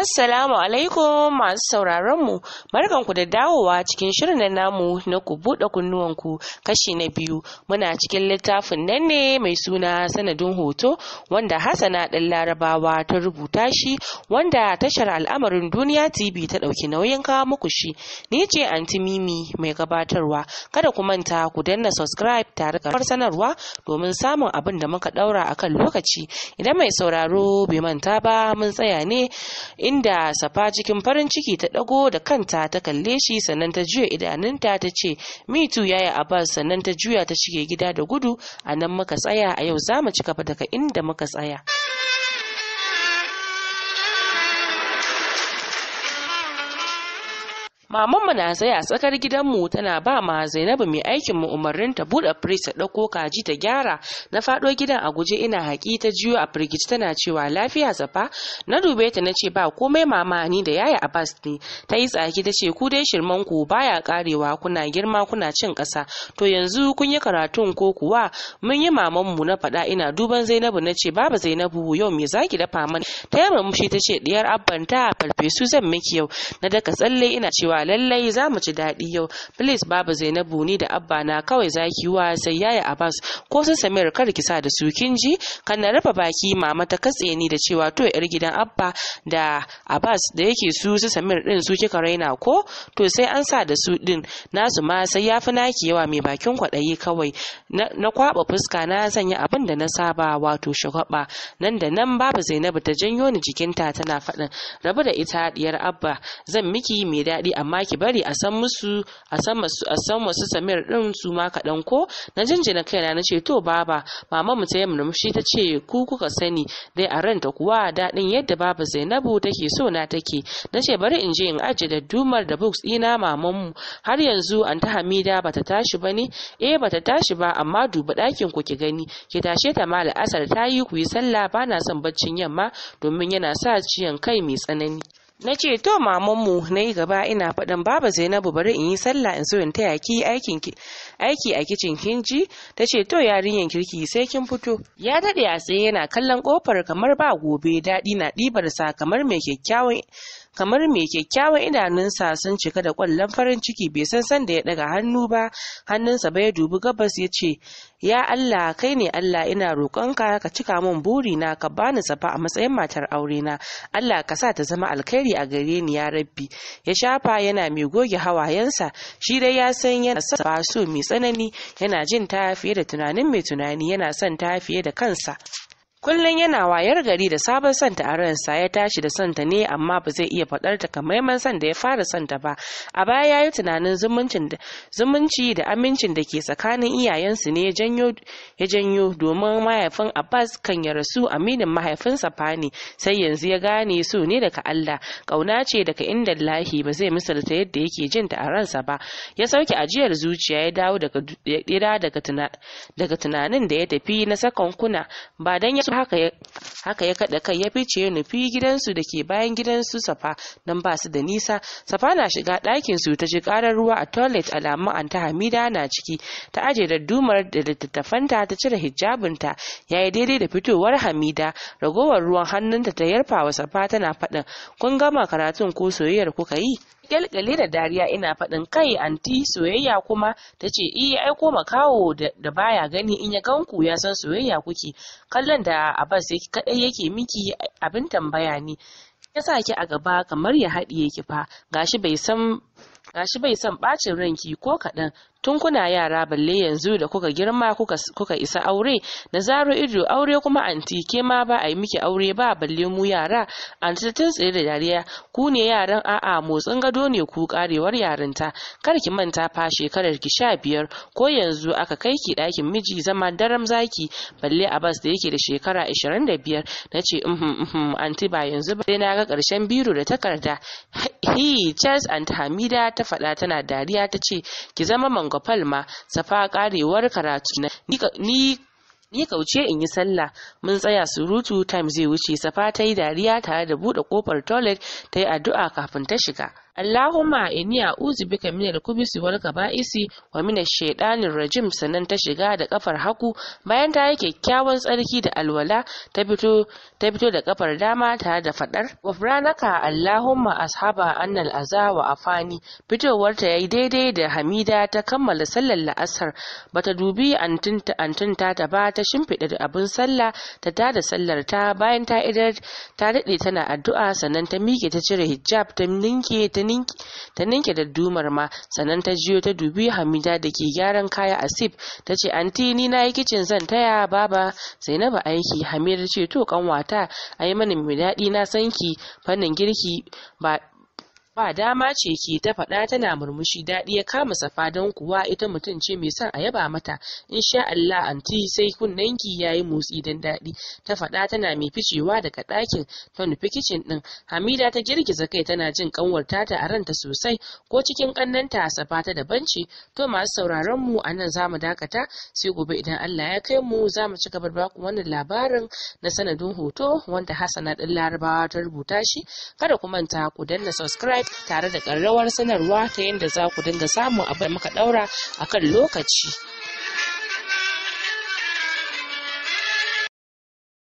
Assalamu alaikum masu sauraron mu barkanku da dawowa cikin shirin na namu na ku buɗe kunnuwanku kashi na biyu muna cikin littafin nan ne mai suna sanadin hoto wanda Hassana ɗan Larabawa ta rubuta shi wanda tashar al'amarin duniya TV ta ɗauki nauyin kawo muku shi ni ce anti Mimi mai gabatarwa kada ku manta ku danna subscribe tare da sanarwa domin samun abin da muka ɗaura akan lokaci idan mai sauraro bai manta ba mun tsaya ne inda safa cikin farin ciki ta ɗago da kanta ta kalle shi sannan ta juya idanunta ta ce mitu yaya abbas sannan ta juya ta shige gida da gudu a nan muka tsaya a yau za mu ci gaba daga inda muka tsaya mamanmu na tsaya a tsakar gidanmu tana ba ma zainabu mai aikin mu umarnin ta buɗe firij ta ɗauko kaji ta gyara na faɗo gidan a guje ina haƙi ta jiyo a firgici tana cewa lafiya zafa. na dube ta na ce ba komai mama ni da yaya abbas ne ta yi tsaki ta ce ku dai shirman ku baya karewa kuna girma kuna cin ƙasa to yanzu kun yi karatun ko kuwa mun yi mamanmu na faɗa ina duban zainabu na ce baba zainabu yau me zaki dafa mana ta yi murmushi ta ce diyar ta farfesu zan miki yau na daka tsalle ina cewa lallai za mu ci daɗi yau please babu zainabu ni da abba na kawai za ki wa sai yaya abbas ko sun samir kar ki sa da su kin ji Kana na rufe baki mama ta katse ni da cewa to yar gidan abba da abbas da yake su su samir din su kika raina ko to sai an sa da su din nasu ma sai ya fi naki yawa mai bakin kwaɗayi kawai na kwaɓa fuska na sanya abin da na saba wato shugaba. nan da nan babu zainabu ta janyo ni jikinta tana faɗin rabu da ita diyar abba zan miki mai daɗi amma amma ki bari a san musu a san masu a san wasu samir din su ma kaɗan ko na jinjina kaina na ce to baba mama mu ta yi murmushi ta ce ku kuka sani dai a ranta kuwa daɗin yadda baba zainabu take so na take na ce bari in je in ajiye da dumar da books ɗina mamanmu har yanzu an ta hamida bata tashi ba ne eh bata tashi ba amma duba ɗakin ku ki gani ki tashe ta ma la'asar ta yi ku yi sallah bana son baccin yamma domin yana sa ciyan kai mai tsanani na ce to mamanmu na yi gaba ina faɗin baba zainabu bari in yi sallah in so in taya ki aiki a kicin kinji ta ce to yarinyar kirki sai kin fito ya daɗe a tsaye yana kallon ƙofar kamar ba gobe daɗi na ɗibarsa kamar mai kyakkyawan kamar mai kyakkyawan idanunsa sun cika da kwallon farin ciki bai san da ya daga hannu ba hannunsa bai dubi gabas ya ce ya Allah kai ne Allah ina roƙonka ka cika min na ka bani safa a matsayin matar aure na Allah ka sa ta zama alkhairi a gare ni ya rabbi ya shafa yana mai goge hawayensa shi dai ya san yana sa so mai tsanani yana jin ta fiye da tunanin mai tunani yana son ta fiye da kansa Kullum yana wayar gari da sabon santa a ransa ya tashi da santa ne amma ba zai iya faɗar ta kamaiman san da ya fara santa ba. A baya ya yi tunanin zumunci da amincin da ke tsakanin iyayensu ne ya janyo domin mahaifin Abbas kan ya rasu aminin mahaifinsa Fani sai yanzu ya gane su ne daga Allah kauna ce daga inda lahi ba zai misalta yadda yake jin ta a ransa ba. Ya sauke ajiyar zuciya ya dawo daga tunanin da ya tafi na sakon kuna. ba dan ya su haka ya haka ya kaɗa kai ya fice ya nufi gidansu da ke bayan gidansu safa don ba su da nisa safa na shiga ɗakin su ta ji ƙarar ruwa a toilet alamu an ta hamida na ciki ta aje da dumar da littattafanta ta cire hijabinta ya yi daidai da fitowar hamida ragowar ruwan hannunta ta yarfa wa safa tana faɗin kun gama karatun ko soyayyar kuka yi kyalkyale da dariya ina faɗin kai anti soyayya kuma ta ce iya aiko makaho da baya gani in ya ganku ya san soyayya kuke kallon da abbas kaɗai yake miki abin tambaya ne ya sa ki a gaba kamar ya haɗiye ki fa gashi bai san gashi bai son bacin ranki ko kaɗan tun kuna yara balle yanzu da kuka girma kuka, kuka isa aure na zaro ido aure kuma anti ke ma ba a yi miki aure ba balle mu yara anti tun tsaye da dariya ku ne yaran a'a motsin gado ne ku karewar yarinta kar ki manta fa shekarar ki sha biyar ko yanzu aka kai ki ɗakin miji zama daram zaki balle bas da yake da shekara ashirin da biyar na ce uhm, uhm, uhm, anti ba yanzu ba sai na ga ƙarshen biro da takarda he, Charles and Hamida ta faɗa tana dariya ta ce ki zama mangopal ma safa karewar karatu na ni ni kauce in yi sallah mun tsaya surutu time zai wuce safa ta yi dariya tare da buɗe kofar toilet ta yi addu'a kafin ta shiga Allahumma inni a'udhu bika minal khubuthi wal kaba'isi wa minash shaitanir rajim sanan ta shiga da kafar hagu bayan ta yi kyakkyawan tsarki da alwala ta fito da kafar dama tare da fadar wafranaka Allahumma ashaba annal aza wa afani fitowar ta yayi daidai da Hamida ta kammala sallar la'asar bata dubi antinta antinta ta ba ta da abun sallah ta tada sallar ta bayan ta idar ta daɗe tana addu'a sannan ta miƙe ta cire hijab ta ninke ta ta ninke daddumar ma sannan ta jiyo ta dubi hamida da ke gyaran kaya a sif ta ce anti ni na yi kicin zan taya baba zainabu aiki hamida ce to kanwata a yi mani mai daɗi na sanki fannin girki ba dama ce ke ta faɗa tana murmushi daɗi ya kama safa don kuwa ita mutum ce mai son a yaba mata insha Allah anti sai kunnenki yayi motsi don daɗi ta faɗa tana mai ficewa daga ɗakin ta nufi kicin ɗin Hamida ta girgiza kai tana jin kanwar ta a ranta sosai ko cikin ƙannanta safa ta daban ce to masu sauraron mu a nan za mu dakata sai gobe idan Allah ya kai mu za mu ci gaba da baku wannan labarin na sanadin hoto wanda Hassana ɗin Larabawa ta rubuta shi kada ku manta ku danna subscribe tare da ƙararrawar sanarwa ta yadda za ku dinga samun abin da muka ɗaura a kan lokaci.